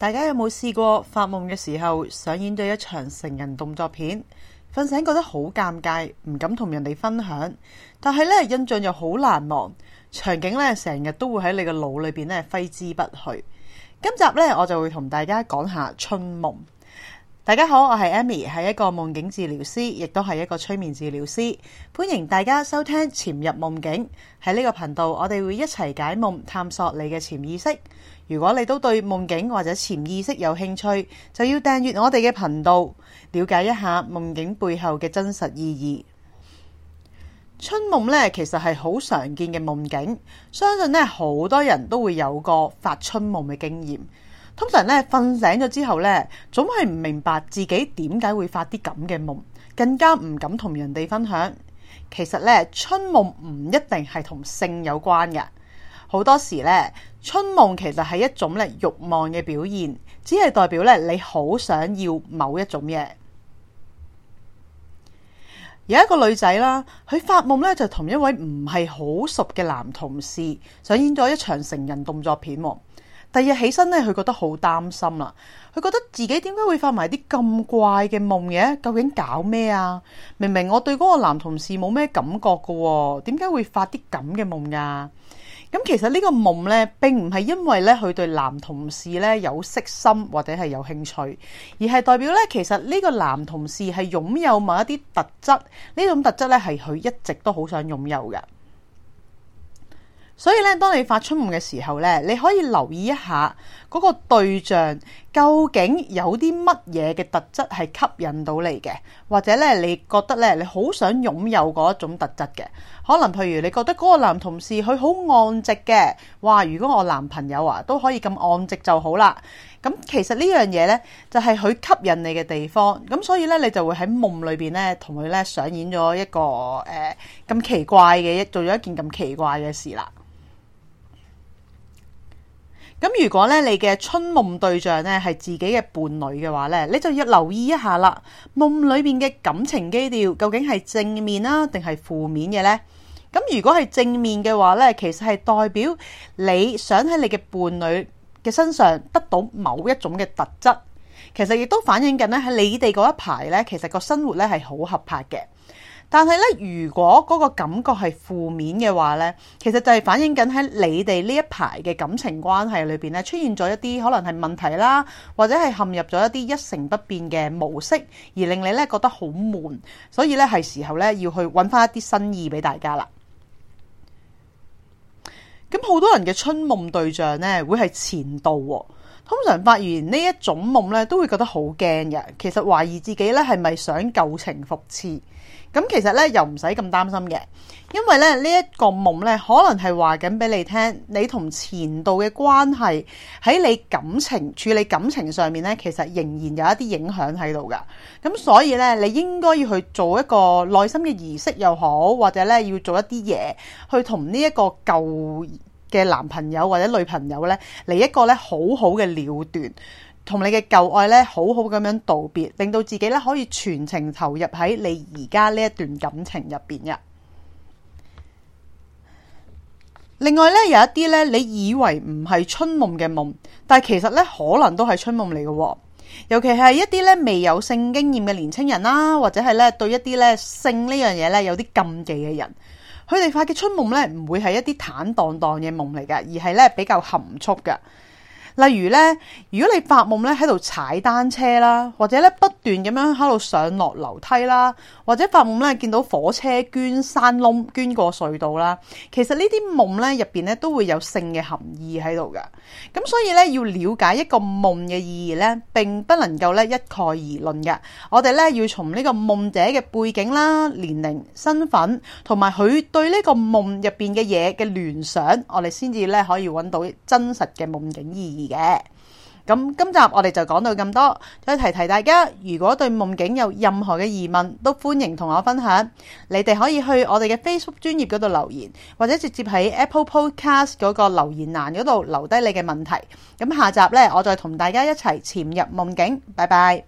大家有冇試過發夢嘅時候，上演咗一場成人動作片？瞓醒覺得好尷尬，唔敢同人哋分享，但係咧印象又好難忘，場景咧成日都會喺你個腦裏邊咧揮之不去。今集咧我就會同大家講下春夢。大家好，我係 Amy，係一個夢境治療師，亦都係一個催眠治療師。歡迎大家收聽《潛入夢境》，喺呢個頻道，我哋會一齊解夢，探索你嘅潛意識。如果你都對夢境或者潛意識有興趣，就要訂閱我哋嘅頻道，了解一下夢境背後嘅真實意義。春夢呢，其實係好常見嘅夢境，相信呢，好多人都會有過發春夢嘅經驗。通常咧瞓醒咗之後咧，總係唔明白自己點解會發啲咁嘅夢，更加唔敢同人哋分享。其實咧，春夢唔一定係同性有關嘅，好多時咧，春夢其實係一種咧慾望嘅表現，只係代表咧你好想要某一種嘢。有一個女仔啦，佢發夢咧就同一位唔係好熟嘅男同事上演咗一場成人動作片。第二日起身咧，佢覺得好擔心啦。佢覺得自己點解會發埋啲咁怪嘅夢嘅？究竟搞咩啊？明明我對嗰個男同事冇咩感覺㗎喎，點解會發啲咁嘅夢噶？咁其實呢個夢呢，並唔係因為咧佢對男同事呢有色心或者係有興趣，而係代表呢其實呢個男同事係擁有某一啲特質，呢種特質呢，係佢一直都好想擁有嘅。所以咧，當你發春夢嘅時候咧，你可以留意一下嗰個對象究竟有啲乜嘢嘅特質係吸引到你嘅，或者咧你覺得咧你好想擁有嗰一種特質嘅，可能譬如你覺得嗰個男同事佢好按直嘅，哇！如果我男朋友啊都可以咁按直就好啦。咁其實呢樣嘢咧就係佢吸引你嘅地方，咁所以咧你就會喺夢裏邊咧同佢咧上演咗一個誒咁、呃、奇怪嘅一做咗一件咁奇怪嘅事啦。咁如果咧你嘅春夢對象咧係自己嘅伴侶嘅話咧，你就要留意一下啦。夢裏面嘅感情基調究竟係正面啦、啊，定係負面嘅呢？咁如果係正面嘅話咧，其實係代表你想喺你嘅伴侶嘅身上得到某一種嘅特質。其實亦都反映緊咧喺你哋嗰一排咧，其實個生活咧係好合拍嘅。但係咧，如果嗰個感覺係負面嘅話咧，其實就係反映緊喺你哋呢一排嘅感情關係裏邊咧，出現咗一啲可能係問題啦，或者係陷入咗一啲一成不變嘅模式，而令你咧覺得好悶，所以咧係時候咧要去揾翻一啲新意俾大家啦。咁好多人嘅春夢對象咧會係前度喎，通常發現呢一種夢咧都會覺得好驚嘅，其實懷疑自己咧係咪想舊情復熾？咁其實咧又唔使咁擔心嘅，因為咧呢一個夢咧可能係話緊俾你聽，你同前度嘅關係喺你感情處理感情上面咧，其實仍然有一啲影響喺度噶。咁所以咧，你應該要去做一個內心嘅儀式又好，或者咧要做一啲嘢去同呢一個舊嘅男朋友或者女朋友咧嚟一個咧好好嘅了斷。同你嘅舊愛咧，好好咁樣道別，令到自己咧可以全程投入喺你而家呢一段感情入邊嘅。另外咧，有一啲咧你以為唔係春夢嘅夢，但係其實咧可能都係春夢嚟嘅。尤其係一啲咧未有性經驗嘅年青人啦，或者係咧對一啲咧性呢樣嘢咧有啲禁忌嘅人，佢哋發嘅春夢咧唔會係一啲坦蕩蕩嘅夢嚟嘅，而係咧比較含蓄嘅。例如咧，如果你發夢咧喺度踩單車啦，或者咧不斷咁樣喺度上落樓梯啦，或者發夢咧見到火車鑽山窿、鑽過隧道啦，其實呢啲夢咧入邊咧都會有性嘅含義喺度嘅。咁所以咧，要了解一個夢嘅意義咧，並不能夠咧一概而論嘅。我哋咧要從呢個夢者嘅背景啦、年齡、身份同埋佢對呢個夢入邊嘅嘢嘅聯想，我哋先至咧可以揾到真實嘅夢境意義。嘅，咁今集我哋就講到咁多，再提提大家，如果對夢境有任何嘅疑問，都歡迎同我分享。你哋可以去我哋嘅 Facebook 專頁嗰度留言，或者直接喺 Apple Podcast 嗰個留言欄嗰度留低你嘅問題。咁下集呢，我再同大家一齊潛入夢境，拜拜。